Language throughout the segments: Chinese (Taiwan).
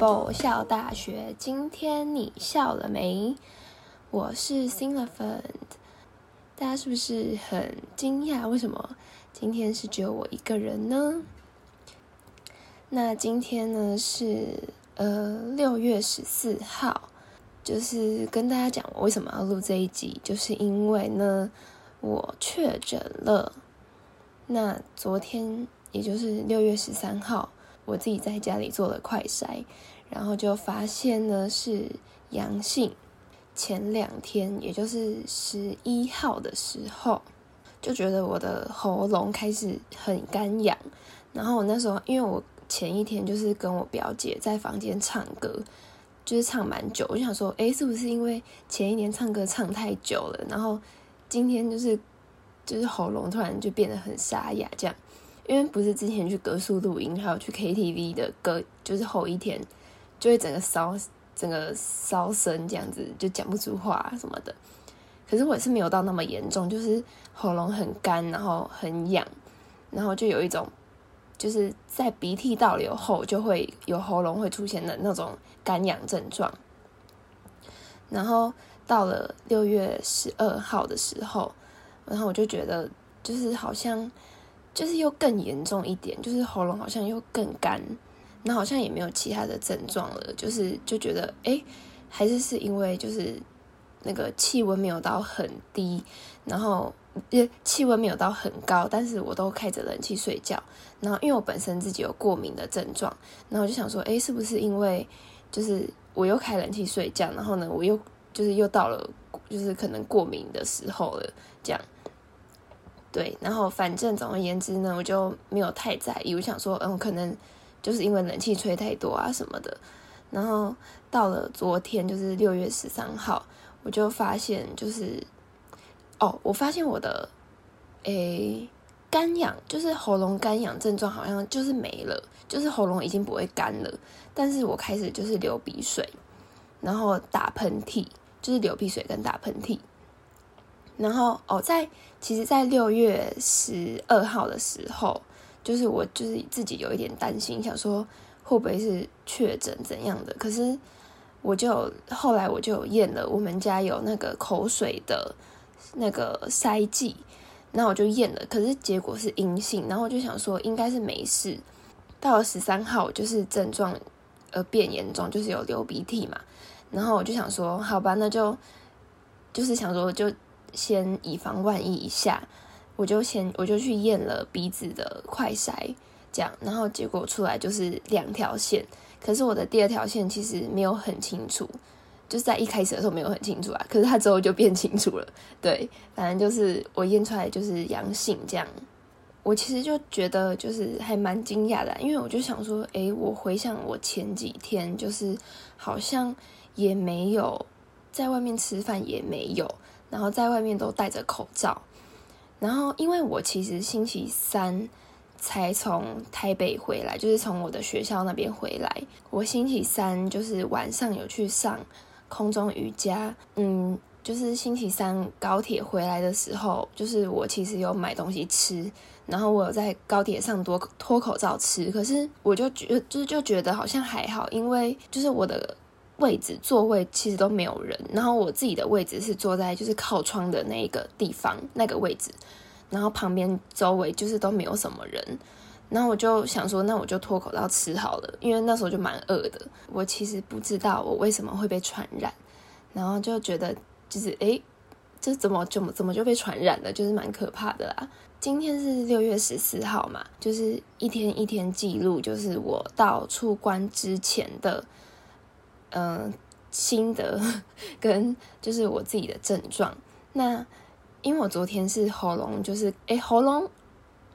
爆笑大學，今天你笑了沒？我是 Cinlephant，大家是不是很驚訝？為什麼今天是只有我一個人呢？那今天呢是呃，六月十四號，就是跟大家講我為什麼要錄這一集，就是因為呢我確診了。那昨天也就是六月十三號。我自己在家裡做了快篩，然後就發現呢是陽性。前兩天，也就是十一號的時候，就覺得我的喉嚨開始很乾癢。然後我那時候，因為我前一天就是跟我表姐在房間唱歌，就是唱蠻久。我就想說，哎、欸，是不是因為前一天唱歌唱太久了？然後今天就是，就是喉嚨突然就變得很沙啞，這樣。因為不是之前去隔宿錄音還有去 KTV 的歌，就是後一天就會整個燒，整個燒聲這樣子，就講不出話什麼的。可是我也是沒有到那麼嚴重，就是喉嚨很乾，然後很癢，然後就有一種就是在鼻涕倒流後就會有喉嚨會出現的那種乾癢症狀。然後到了六月十二號的時候，然後我就覺得就是好像。就是又更嚴重一點，就是喉嚨好像又更乾，然後好像也沒有其他的症狀了，就是就覺得，哎、欸，還是是因為就是那個氣溫沒有到很低，然後也氣溫沒有到很高，但是我都開着冷氣睡覺，然後因為我本身自己有過敏的症狀，然後我就想說，哎、欸，是不是因為就是我又開冷氣睡覺，然後呢，我又就是又到了就是可能過敏的時候了，這樣。對，然後反正總而言之呢，我就沒有太在意。我想說，嗯，可能就是因為冷氣吹太多啊什麼的。然後到了昨天，就是六月十三號，我就發現就是，哦，我發現我的誒乾癢，就是喉嚨乾癢症狀好像就是沒了，就是喉嚨已經不會乾了。但是我開始就是流鼻水，然後打噴嚏，就是流鼻水跟打噴嚏。然後哦，在其實，在六月十二號的時候，就是我就是自己有一點擔心，想說會不會是確診怎樣的？可是我就後來我就驗了，我們家有那個口水的那個篩劑，那我就驗了，可是結果是陰性。然後我就想說應該是沒事。到了十三號，就是症狀呃變嚴重，就是有流鼻涕嘛。然後我就想說好吧，那就就是想說就。先以防萬一一下，我就先我就去驗了鼻子的快篩，這樣，然後結果出來就是兩條線，可是我的第二條線其實沒有很清楚，就是在一開始的時候沒有很清楚啊，可是它之後就變清楚了，對，反正就是我驗出來就是陽性這樣，我其實就覺得就是還蠻驚訝的啊，因為我就想說，誒，我回想我前幾天就是好像也沒有在外面吃飯，也沒有。然後在外面都戴着口罩，然後因為我其實星期三才從台北回來，就是從我的學校那邊回來。我星期三就是晚上有去上空中瑜伽，嗯，就是星期三高鐵回來的時候，就是我其實有買東西吃，然後我有在高鐵上多脫，脫口罩吃，可是我就覺就是就，就覺得好像還好，因為就是我的。位置座位其實都沒有人，然後我自己的位置是坐在就是靠窗的那一個地方那個位置，然後旁邊周圍就是都沒有什麼人，然後我就想說，那我就脫口罩吃好了，因為那時候就蠻餓的。我其實不知道我為什麼會被傳染，然後就覺得就是哎、欸，這怎麼怎麼怎麼就被傳染了，就是蠻可怕的啦。今天是六月十四號嘛，就是一天一天記錄，就是我到出關之前的。嗯、呃，心得跟就是我自己的症狀。那因為我昨天是喉嚨，就是誒、欸，喉嚨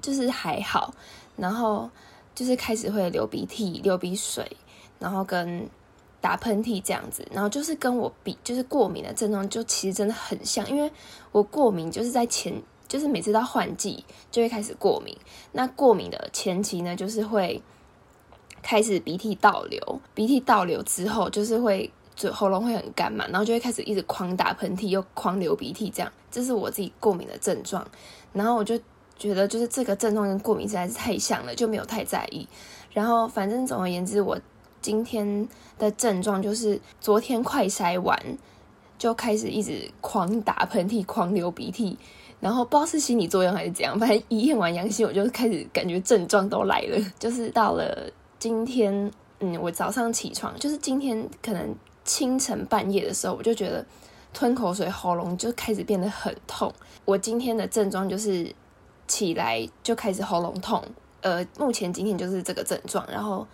就是還好，然後就是開始會流鼻涕、流鼻水，然後跟打噴嚏這樣子。然後就是跟我比，就是過敏的症狀，就其實真的很像。因為我過敏就是在前，就是每次到換季就會開始過敏。那過敏的前期呢，就是會。開始鼻涕倒流，鼻涕倒流之後就是會嘴喉嚨會很乾嘛，然後就會開始一直狂打噴嚏，又狂流鼻涕，這樣，這是我自己過敏的症狀。然後我就覺得就是這個症狀跟過敏實在是太像了，就沒有太在意。然後反正總而言之，我今天的症狀就是昨天快篩完就開始一直狂打噴嚏、狂流鼻涕，然後不知道是心理作用還是怎樣，反正一驗完陽性我就開始感覺症狀都來了，就是到了。今天，嗯，我早上起床，就是今天可能清晨半夜的時候，我就覺得吞口水喉嚨就開始變得很痛。我今天的症狀就是起來就開始喉嚨痛，呃，目前今天就是這個症狀，然後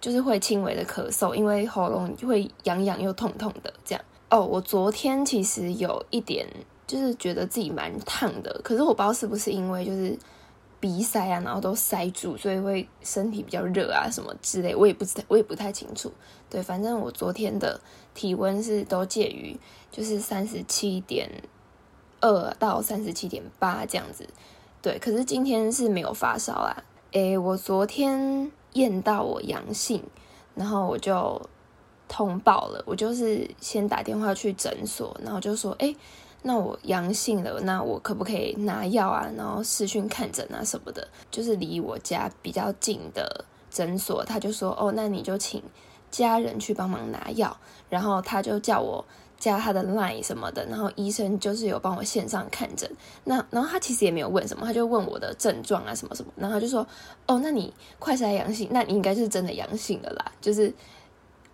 就是會輕微的咳嗽，因為喉嚨會癢癢又痛痛的這樣。哦，我昨天其實有一點就是覺得自己蠻燙的，可是我不知道是不是因為就是。鼻塞啊，然後都塞住，所以會身體比較熱啊，什麼之類，我也不知道，我也不太清楚。對，反正我昨天的體溫是都介於就是三十七點二到三十七點八這樣子。對，可是今天是沒有發燒啊。誒，我昨天驗到我陽性，然後我就通報了，我就是先打電話去診所，然後就說，誒。那我陽性了，那我可不可以拿藥啊？然後視訊看診啊什麼的，就是離我家比較近的診所，他就說哦，那你就請家人去幫忙拿藥，然後他就叫我加他的 line 什麼的，然後醫生就是有幫我線上看診。那然後他其實也沒有問什麼，他就問我的症狀啊什麼什麼，然後他就說哦，那你快篩陽性，那你應該是真的陽性的啦。就是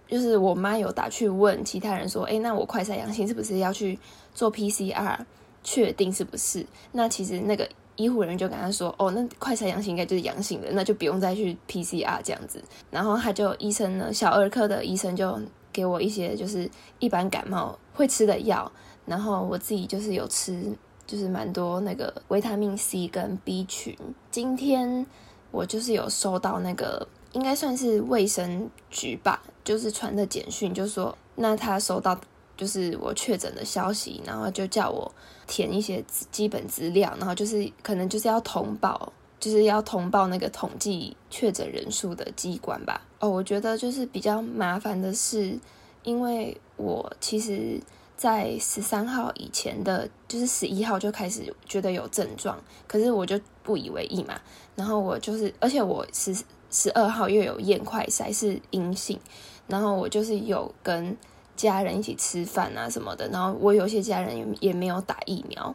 就是我媽有打去問其他人說，哎，那我快篩陽性是不是要去？做 PCR 確定是不是？那其實那個醫護人員就跟他說：“哦，那快篩陽性應該就是陽性的，那就不用再去 PCR 這樣子。”然後他就醫生呢，小兒科的醫生就給我一些就是一般感冒會吃的藥。然後我自己就是有吃，就是蠻多那個維他命 C 跟 B 群。今天我就是有收到那個應該算是衛生局吧，就是傳的簡訊，就說那他收到，就是我確診的消息，然後就叫我填一些基本資料，然後就是可能就是要通報，就是要通報那個統計確診人數的機關吧。哦，我覺得就是比較麻煩的是，因為我其實在十三號以前的，就是十一號就開始覺得有症狀，可是我就不以為意嘛。然後我就是，而且我十十二號又有驗快篩是陰性，然後我就是有跟。家人一起吃飯啊什麼的，然後我有些家人也也沒有打疫苗，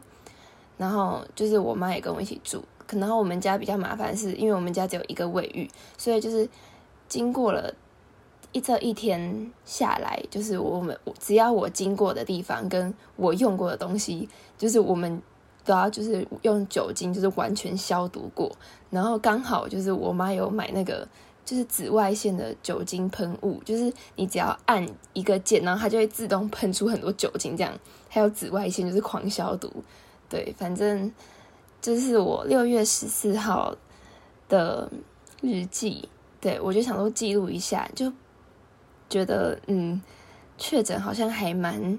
然後就是我媽也跟我一起住。可能我們家比較麻煩，是因為我們家只有一個衛浴，所以就是經過了一這一天下來，就是我們只要我經過的地方跟我用過的東西，就是我們都要，啊，就是用酒精就是完全消毒過。然後剛好就是我媽有買那個。就是紫外線的酒精噴霧，就是你只要按一個鍵，然後它就會自動噴出很多酒精這樣，還有紫外線就是狂消毒。對，反正這、就是我六月十四號的日記，對，我就想說記錄一下，就覺得嗯，確診好像還蠻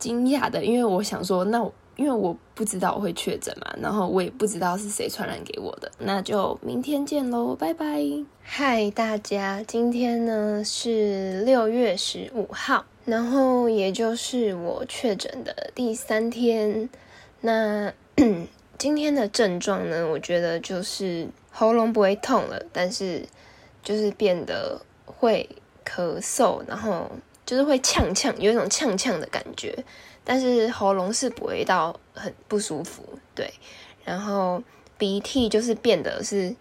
驚訝的，因為我想說，那我。因為我不知道我會確診嘛，然後我也不知道是誰傳染給我的，那就明天見嘍，拜拜。Hi，大家，今天呢是六月十五號，然後也就是我確診的第三天。那 今天的症狀呢，我覺得就是喉嚨不會痛了，但是就是變得會咳嗽，然後。就是會嗆嗆，有一種嗆嗆的感覺，但是喉嚨是不會到很不舒服，對。然後鼻涕就是變得是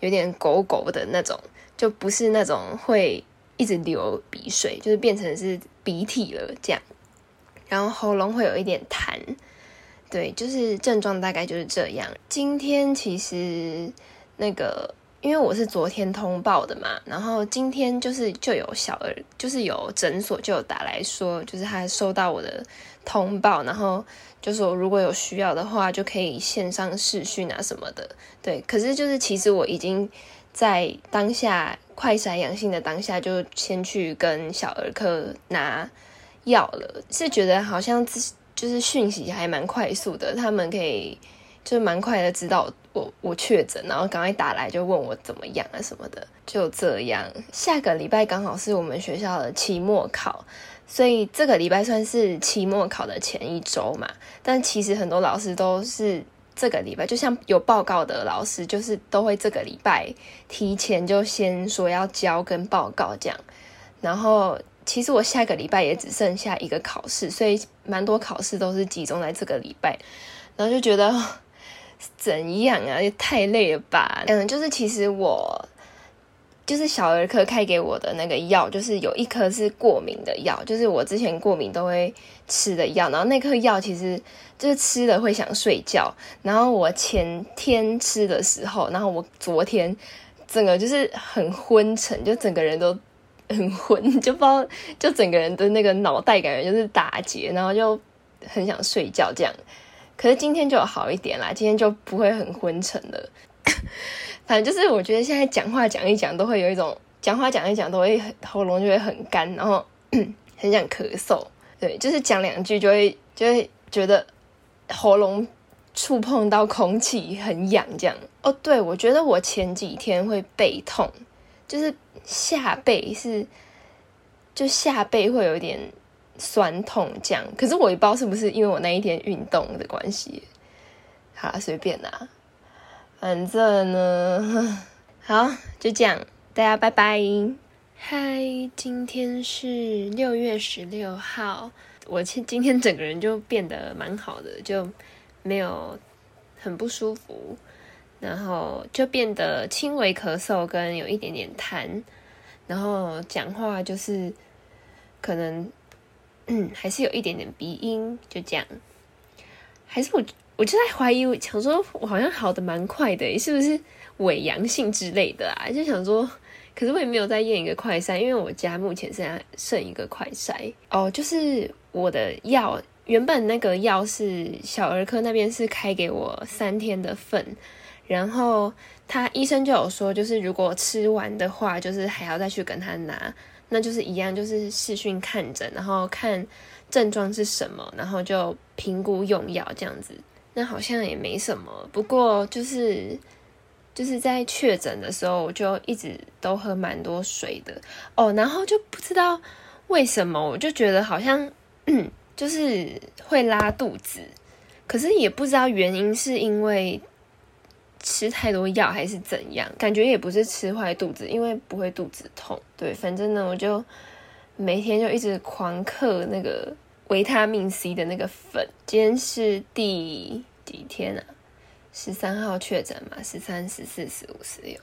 有點狗狗的那種，就不是那種會一直流鼻水，就是變成是鼻涕了這樣。然後喉嚨會有一點痰，對，就是症狀大概就是這樣。今天其實那個。因為我是昨天通報的嘛，然後今天就是就有小兒，就是有診所就有打來說，就是他收到我的通報，然後就說如果有需要的話，就可以線上視訊啊什麼的。對，可是就是其實我已經在當下快篩陽性的當下，就先去跟小兒科拿藥了，是覺得好像就是訊息還蠻快速的，他們可以。就蠻快的，知道我我、我確診，然後趕快打來就問我怎麼樣啊什麼的，就這樣。下個禮拜剛好是我們學校的期末考，所以這個禮拜算是期末考的前一周嘛。但其實很多老師都是這個禮拜，就像有報告的老師，就是都會這個禮拜提前就先說要交跟報告這樣。然後其實我下個禮拜也只剩下一個考試，所以蠻多考試都是集中在這個禮拜，然後就覺得。怎樣啊？也太累了吧。嗯，就是其實我就是小兒科開給我的那個藥，就是有一顆是過敏的藥，就是我之前過敏都會吃的藥。然後那顆藥其實就是吃了會想睡覺。然後我前天吃的時候，然後我昨天整個就是很昏沉，就整個人都很昏，就包就整個人的那個腦袋感覺就是打結，然後就很想睡覺這樣。可是今天就好一點啦，今天就不會很昏沉的。 反正就是，我覺得現在講話講一講都會有一種，講話講一講都會喉嚨就會很乾，然後很想咳嗽。對，就是講兩句就會就會覺得喉嚨觸碰到空氣很癢這樣。哦，對，我覺得我前幾天會背痛，就是下背是，就下背會有一點。酸痛這樣，可是我也不知道是不是因為我那一天運動的關係。好，隨便啦，反正呢，好，就這樣，大家拜拜。嗨，今天是六月十六號，我今今天整個人就變得蠻好的，就沒有很不舒服，然後就變得輕微咳嗽跟有一點點痰，然後講話就是可能。嗯，還是有一點點鼻音，就這樣。還是我，我就在懷疑，我想說我好像好得蠻快的，是不是偽陽性之類的啊？就想說，可是我也沒有再驗一個快篩，因為我家目前剩下剩一個快篩哦，oh, 就是我的藥，原本那個藥是小兒科那邊是開給我三天的份，然後他醫生就有說，就是如果吃完的話，就是還要再去跟他拿。那就是一樣，就是視訊看診，然後看症狀是什麼，然後就評估用藥這樣子。那好像也沒什麼，不過就是就是在確診的時候，我就一直都喝蠻多水的哦，然後就不知道為什麼，我就覺得好像、嗯、就是會拉肚子，可是也不知道原因是因為。吃太多藥還是怎樣？感覺也不是吃壞肚子，因為不會肚子痛。對，反正呢，我就每天就一直狂嗑那個維他命 C 的那個粉。今天是第幾天啊？十三號確診嘛，十三、十四、十五、十六，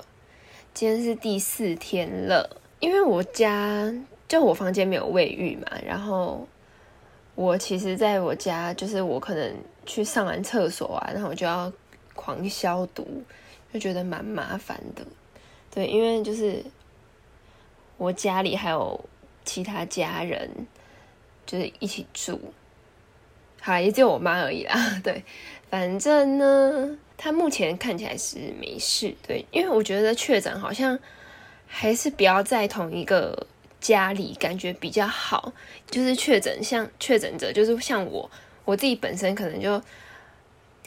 今天是第四天了。因為我家就我房間沒有衛浴嘛，然後我其實在我家就是我可能去上完廁所啊，然後我就要。狂消毒，就覺得蠻麻煩的。對，因為就是我家裡還有其他家人，就是一起住。好，也只有我媽而已啦。對，反正呢，她目前看起來是沒事。對，因為我覺得確診好像還是不要在同一個家裡，感覺比較好。就是確診，像確診者，就是像我，我自己本身可能就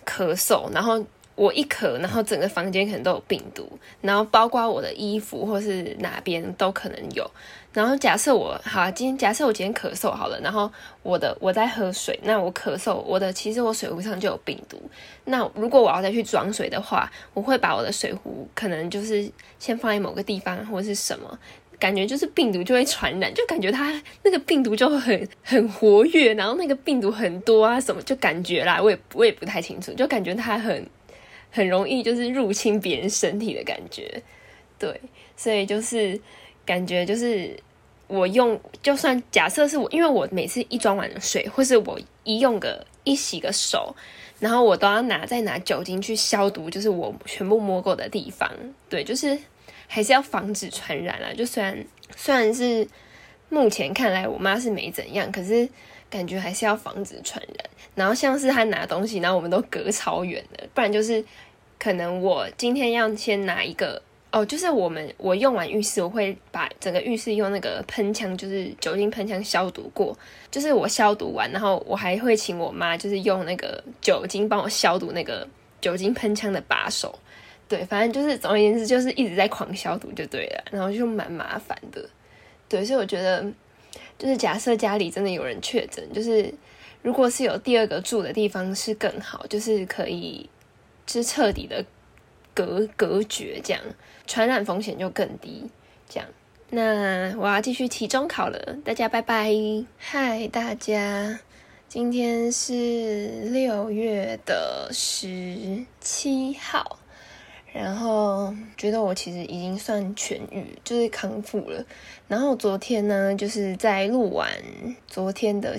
咳嗽，然後。我一咳，然後整個房間可能都有病毒，然後包括我的衣服或是哪邊都可能有。然後假設我好啊，今天假設我今天咳嗽好了，然後我的我在喝水，那我咳嗽，我的其實我水壺上就有病毒。那如果我要再去裝水的話，我會把我的水壺可能就是先放在某個地方或者是什麼，感覺就是病毒就會傳染，就感覺它那個病毒就很很活躍，然後那個病毒很多啊什麼，就感覺啦，我也我也不太清楚，就感覺它很。很容易就是入侵別人身體的感覺，對，所以就是感覺就是我用，就算假設是我，因為我每次一裝完水，或是我一用個一洗個手，然後我都要拿再拿酒精去消毒，就是我全部摸過的地方，對，就是還是要防止傳染啊。就雖然雖然是目前看來我媽是沒怎樣，可是感覺還是要防止傳染。然後像是她拿東西，然後我們都隔超遠的，不然就是。可能我今天要先拿一個哦，就是我們我用完浴室，我會把整個浴室用那個噴槍，就是酒精噴槍消毒過。就是我消毒完，然後我還會請我媽，就是用那個酒精幫我消毒那個酒精噴槍的把手。對，反正就是總而言之，就是一直在狂消毒就對了。然後就蠻麻煩的，對，所以我覺得，就是假設家裡真的有人確診，就是如果是有第二個住的地方是更好，就是可以。是徹底的隔隔絕，這樣傳染風險就更低。這樣，那我要繼續期中考了，大家拜拜！嗨，大家，今天是六月的十七號，然後覺得我其實已經算痊癒，就是康復了。然後昨天呢，就是在錄完昨天的，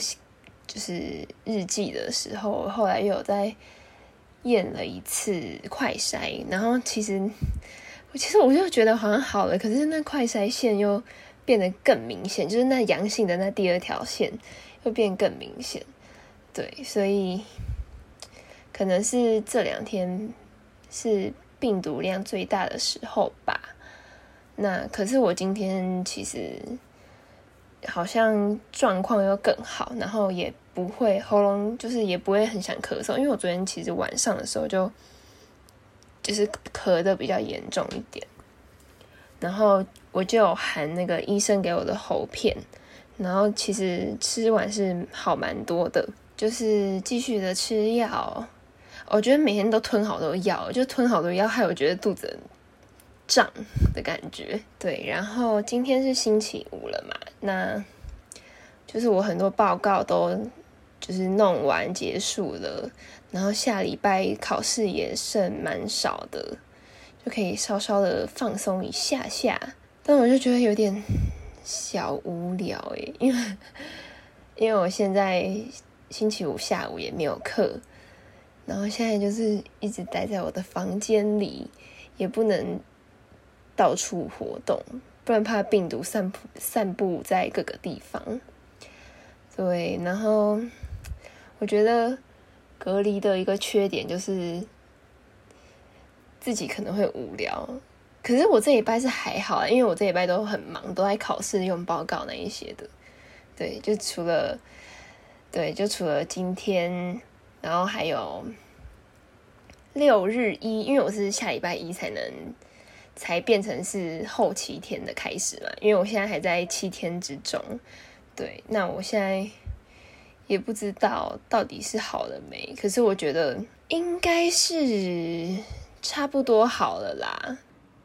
就是日記的時候，後來又有在。驗了一次快篩，然後其實，我其實我就覺得好像好了，可是那快篩線又變得更明顯，就是那陽性的那第二條線又變更明顯，對，所以可能是這兩天是病毒量最大的時候吧。那可是我今天其實好像狀況又更好，然後也。不會，喉嚨就是也不會很想咳嗽，因為我昨天其實晚上的時候就，就是咳得比較嚴重一點，然後我就有含那個醫生給我的喉片，然後其實吃完是好蠻多的，就是繼續的吃藥，我覺得每天都吞好多藥，就吞好多藥，害我覺得肚子脹的感覺，對，然後今天是星期五了嘛，那就是我很多報告都，就是弄完結束了，然後下禮拜考試也剩蠻少的，就可以稍稍的放鬆一下下。但我就覺得有點小無聊誒、欸、因為因為我現在星期五下午也沒有課，然後現在就是一直待在我的房間裡，也不能到處活動，不然怕病毒散佈散佈在各個地方。對，然後。我覺得隔離的一個缺點就是自己可能會無聊，可是我這禮拜是還好啊，因為我這禮拜都很忙，都在考試用報告那一些的。對，就除了對，就除了今天，然後還有六日一，因為我是下禮拜一才能才變成是後七天的開始嘛，因為我現在還在七天之中。對，那我現在。也不知道到底是好了沒？可是我覺得應該是差不多好了啦。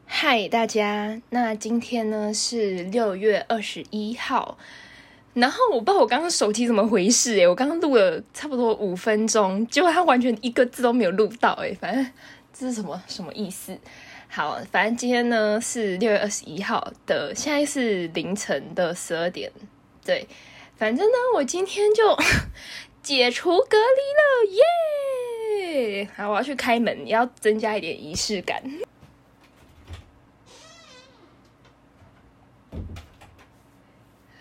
嗨，大家，那今天呢，是六月二十一號，然後我不知道我剛剛手機怎麼回事欸，我剛剛錄了差不多五分鐘，結果它完全一個字都沒有錄到哎欸，反正這是什麼什麼意思？好，反正今天呢是六月二十一號的，現在是凌晨的十二點，對。反正呢，我今天就解除隔離了，耶、Yeah！好，我要去開門，也要增加一點儀式感。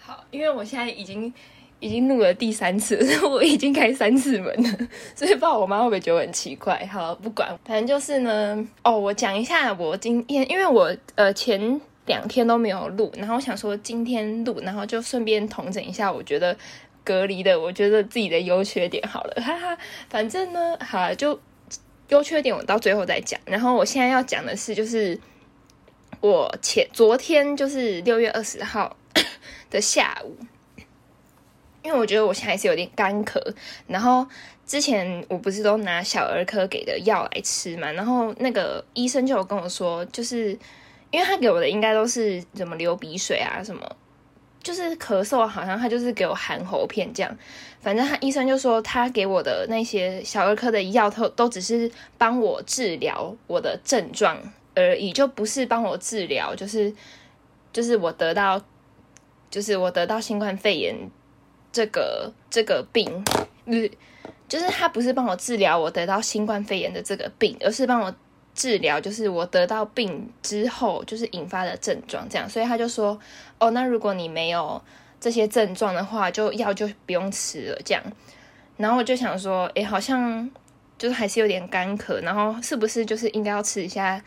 好，因為我現在已經已經錄了第三次，我已經開三次門了，所以不知道我媽會不會覺得我很奇怪。好了，不管，反正就是呢，哦，我講一下我今天，因為我呃前。兩天都沒有錄，然後我想說今天錄，然後就順便統整一下，我覺得隔離的，我覺得自己的優缺點好了，哈哈。反正呢，哈，就優缺點我到最後再講。然後我現在要講的是，就是我前昨天就是六月二十號的下午，因為我覺得我現在還是有點乾咳，然後之前我不是都拿小兒科給的藥來吃嘛，然後那個醫生就有跟我說，就是。因為他給我的應該都是什麼流鼻水啊，什麼就是咳嗽，好像他就是給我含喉片這樣。反正他醫生就說，他給我的那些小兒科的藥，都都只是幫我治療我的症狀而已，就不是幫我治療，就是就是我得到，就是我得到新冠肺炎這個這個病，就是他不是幫我治療我得到新冠肺炎的這個病，而是幫我。治療就是我得到病之後就是引發的症狀這樣，所以他就說，哦，那如果你沒有這些症狀的話，就藥就不用吃了這樣。然後我就想說，誒，好像就是還是有點乾咳，然後是不是就是應該要吃一下，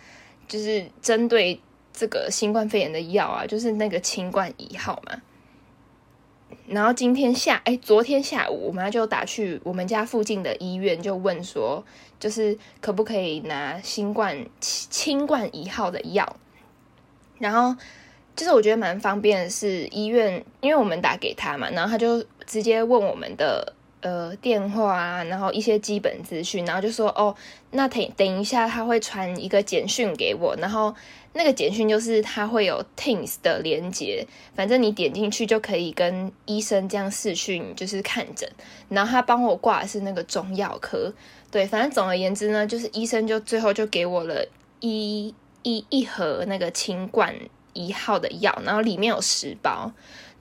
就是針對這個新冠肺炎的藥啊，就是那個清冠一號嘛。然後今天下，哎，昨天下午我媽就打去我們家附近的醫院，就問說，就是可不可以拿新冠清冠一號的藥？然後，就是我覺得蠻方便的是醫院，因為我們打給他嘛，然後他就直接問我們的，呃，電話啊，然後一些基本資訊，然後就說哦，那等一下，他會傳一個簡訊給我，然後那個簡訊就是他會有 Teams 的連接，反正你點進去就可以跟醫生這樣視訊，就是看診，然後他幫我掛的是那個中藥科，對，反正總而言之呢，就是醫生就最後就給我了一一一盒那個清冠一號的藥，然後裡面有十包。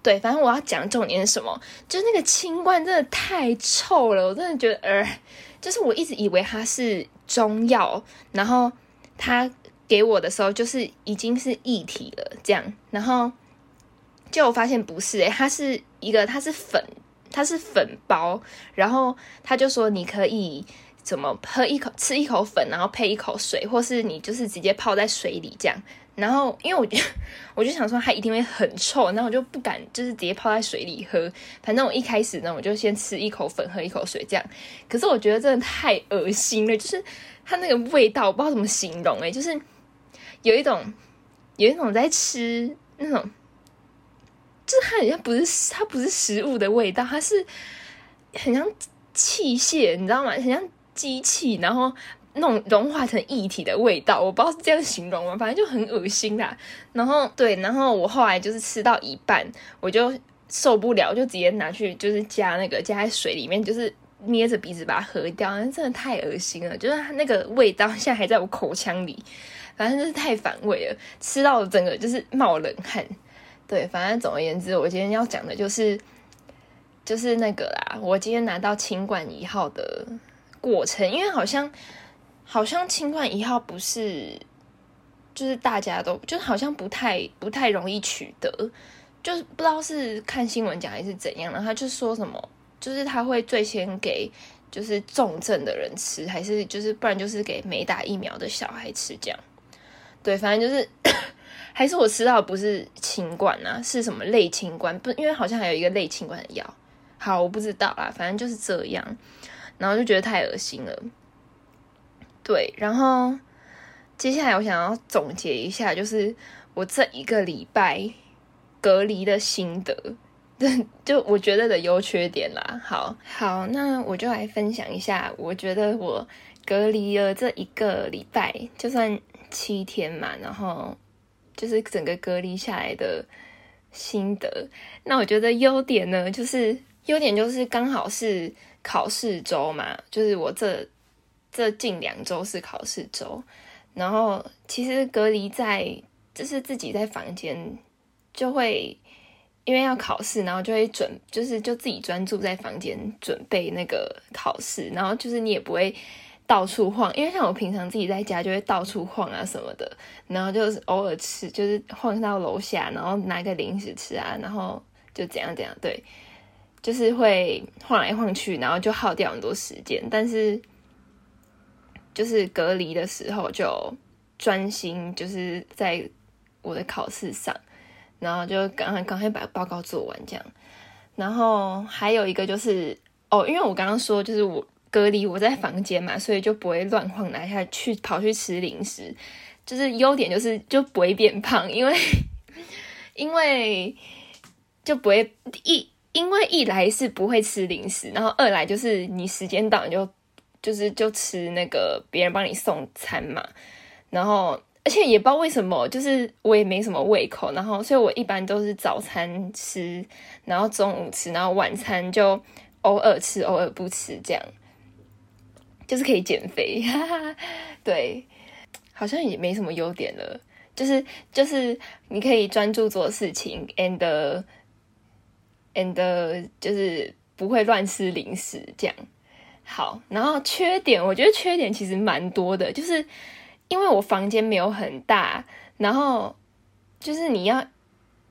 對，反正我要講重點是什麼？就那個清冠真的太臭了，我真的覺得，呃，就是我一直以為它是中藥，然後他給我的時候就是已經是液體了，這樣，然後就我發現不是、欸，它是一個，它是粉，它是粉包，然後他就說你可以怎麼喝一口，吃一口粉，然後配一口水，或是你就是直接泡在水裡這樣。然後，因為我就我就想說它一定會很臭，然後我就不敢就是直接泡在水裡喝。反正我一開始呢，我就先吃一口粉，喝一口水，這樣。可是我覺得真的太惡心了，就是它那個味道，我不知道怎麼形容誒，就是有一種有一種在吃那種，就是它好像不是它不是食物的味道，它是很像器械，你知道嗎？很像機器，然後。那種融化成液體的味道，我不知道這樣形容嗎？反正就很噁心啦。然後對，然後我後來就是吃到一半，我就受不了，就直接拿去就是加那個加在水裡面，就是捏着鼻子把它喝掉。真的太噁心了，就是它那個味道現在還在我口腔裡，反正就是太反胃了，吃到的整個就是冒冷汗。對，反正總而言之，我今天要講的就是就是那個啦。我今天拿到清冠一號的過程，因為好像。好像清冠一號不是，就是大家都就好像不太不太容易取得，就是不知道是看新聞講還是怎樣。然後他就說什麼，就是他會最先給就是重症的人吃，還是就是不然就是給沒打疫苗的小孩吃這樣。對，反正就是 還是我吃到不是清冠啊，是什麼類清冠？不，因為好像還有一個類清冠的藥。好，我不知道啦，反正就是這樣。然後就覺得太噁心了。對，然後接下來我想要總結一下，就是我這一個禮拜隔離的心得，就我覺得的優缺點啦。好好，那我就來分享一下，我覺得我隔離了這一個禮拜，就算七天嘛，然後就是整個隔離下來的心得。那我覺得優點呢，就是優點就是剛好是考試週嘛，就是我這。這近兩周是考試週，然後其實隔離在就是自己在房間，就會因為要考試，然後就會準就是就自己專注在房間準備那個考試，然後就是你也不會到處晃，因為像我平常自己在家就會到處晃啊什麼的，然後就是偶爾吃就是晃到樓下，然後拿個零食吃啊，然後就怎樣怎樣，對，就是會晃來晃去，然後就耗掉很多時間，但是。就是隔離的時候，就專心，就是在我的考試上，然後就趕快趕快把報告做完這樣。然後還有一個就是，哦，因為我剛剛說，就是我隔離我在房間嘛，所以就不會亂晃來下去跑去吃零食，就是優點就是就不會變胖，因為 因為就不會一因為一來是不會吃零食，然後二來就是你時間到你就。就是就吃那個別人幫你送餐嘛，然後而且也不知道為什麼，就是我也沒什麼胃口，然後所以我一般都是早餐吃，然後中午吃，然後晚餐就偶爾吃，偶爾不吃這樣，就是可以減肥，哈哈，對，好像也沒什麼優點了，就是就是你可以專注做事情，and and 就是不會亂吃零食這樣。好，然後缺點，我覺得缺點其實蠻多的，就是因為我房間沒有很大，然後就是你要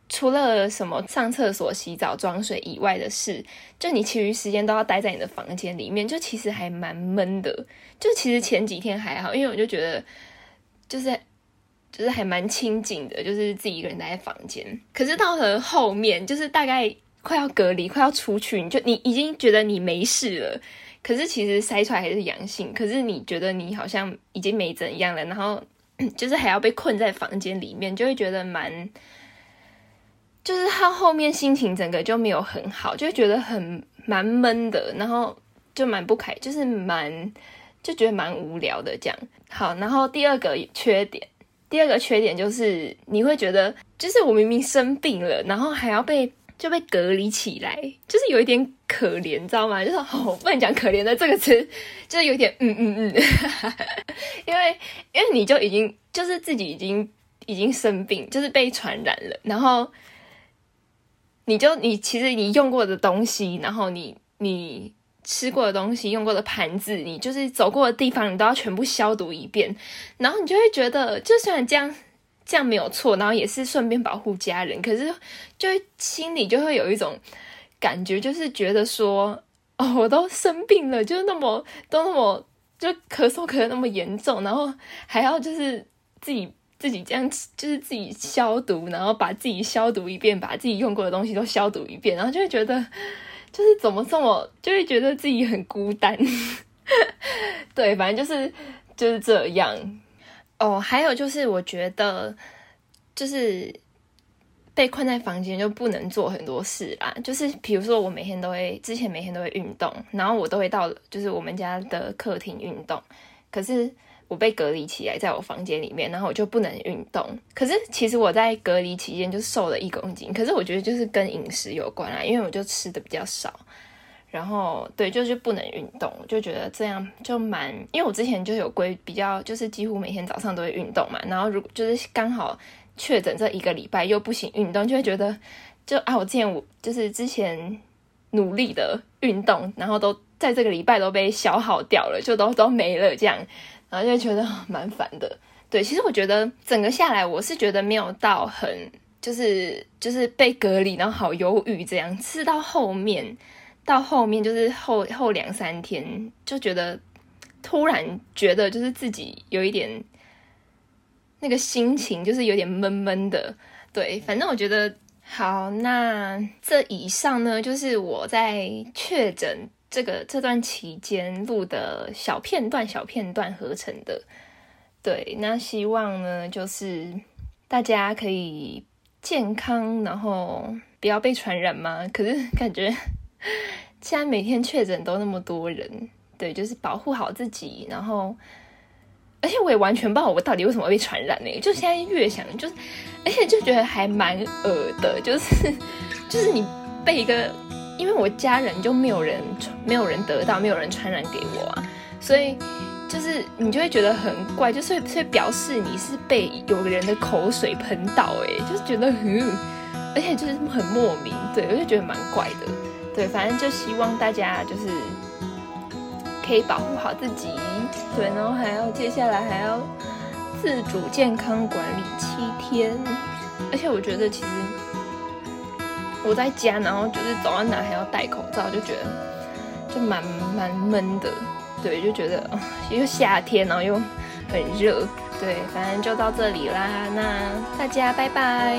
除了什麼上廁所、洗澡、裝水以外的事，就你其餘時間都要待在你的房間裡面，就其實還蠻悶的。就其實前幾天還好，因為我就覺得就是就是還蠻清靜的，就是自己一個人待在房間。可是到了後面，就是大概快要隔離、快要出去，你就你已經覺得你沒事了。可是其實篩出來還是陽性，可是你覺得你好像已經沒怎樣了，然後就是還要被困在房間裡面，就會覺得蠻，就是他後面心情整個就沒有很好，就會覺得很蠻悶的，然後就蠻不開，就是蠻，就覺得蠻無聊的這樣。好，然後第二個缺點，第二個缺點就是你會覺得，就是我明明生病了，然後還要被。就被隔離起來，就是有一點可憐，知道嗎？就是好、哦、不能講可憐的這個詞，就是有一點嗯嗯嗯，嗯嗯 因為因為你就已經就是自己已經已經生病，就是被傳染了，然後你就你其實你用過的東西，然後你你吃過的東西、用過的盤子，你就是走過的地方，你都要全部消毒一遍，然後你就會覺得，就算這樣。這樣沒有錯，然後也是順便保護家人，可是就心裡就會有一種感覺，就是覺得說，哦，我都生病了，就是那麼都那麼就咳嗽咳得那麼嚴重，然後還要就是自己自己這樣就是自己消毒，然後把自己消毒一遍，把自己用過的東西都消毒一遍，然後就會覺得就是怎麼這麼就會覺得自己很孤單， 對，反正就是就是這樣。哦，oh, 還有就是，我覺得就是被困在房間就不能做很多事啦、啊。就是比如說，我每天都會之前每天都會運動，然後我都會到就是我們家的客廳運動。可是我被隔離起來，在我房間裡面，然後我就不能運動。可是其實我在隔離期間就瘦了一公斤。可是我覺得就是跟飲食有關啊，因為我就吃的比較少。然後，對，就是不能運動，就覺得這樣就蠻，因為我之前就有規比較，就是幾乎每天早上都會運動嘛。然後，如果就是剛好確診這一個禮拜又不行運動，就會覺得就啊，我之前我就是之前努力的運動，然後都在這個禮拜都被消耗掉了，就都都沒了這樣，然後就覺得蠻煩的。對，其實我覺得整個下來，我是覺得沒有到很就是就是被隔離，然後好憂鬱這樣，吃到後面。到後面就是後後兩三天，就覺得突然覺得就是自己有一點那個心情，就是有點悶悶的。對，反正我覺得好。那這以上呢，就是我在確診這個這段期間錄的小片段、小片段合成的。對，那希望呢，就是大家可以健康，然後不要被傳染嘛。可是感覺。現在每天確診都那麼多人，對，就是保護好自己，然後，而且我也完全不知道我到底為什麼會被傳染呢、欸？就現在越想，就是，而且就覺得還蠻惡的，就是，就是你被一個，因為我家人就沒有人，沒有人得到，沒有人傳染給我啊，所以就是你就會覺得很怪，就所以所以表示你是被有人的口水噴到、欸，哎，就是覺得、嗯，而且就是很莫名，對，我就覺得蠻怪的。對，反正就希望大家就是可以保護好自己，對，然後還要接下來還要自主健康管理七天，而且我覺得其實我在家，然後就是走到哪還要戴口罩，就覺得就蠻蠻悶的，對，就覺得又夏天，然後又很熱，對，反正就到這裡啦，那大家拜拜。